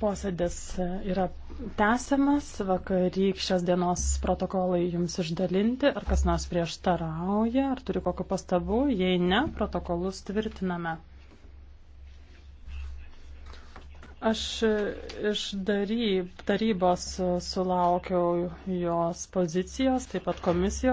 Posėdis e, yra tęsiamas, vakarykščios dienos protokolai jums išdalinti, ar kas nors prieštarauja, ar turi kokiu pastabu, jei ne, protokolus tvirtiname. Aš e, iš darybos e, sulaukiau jos pozicijos, taip pat komisijos.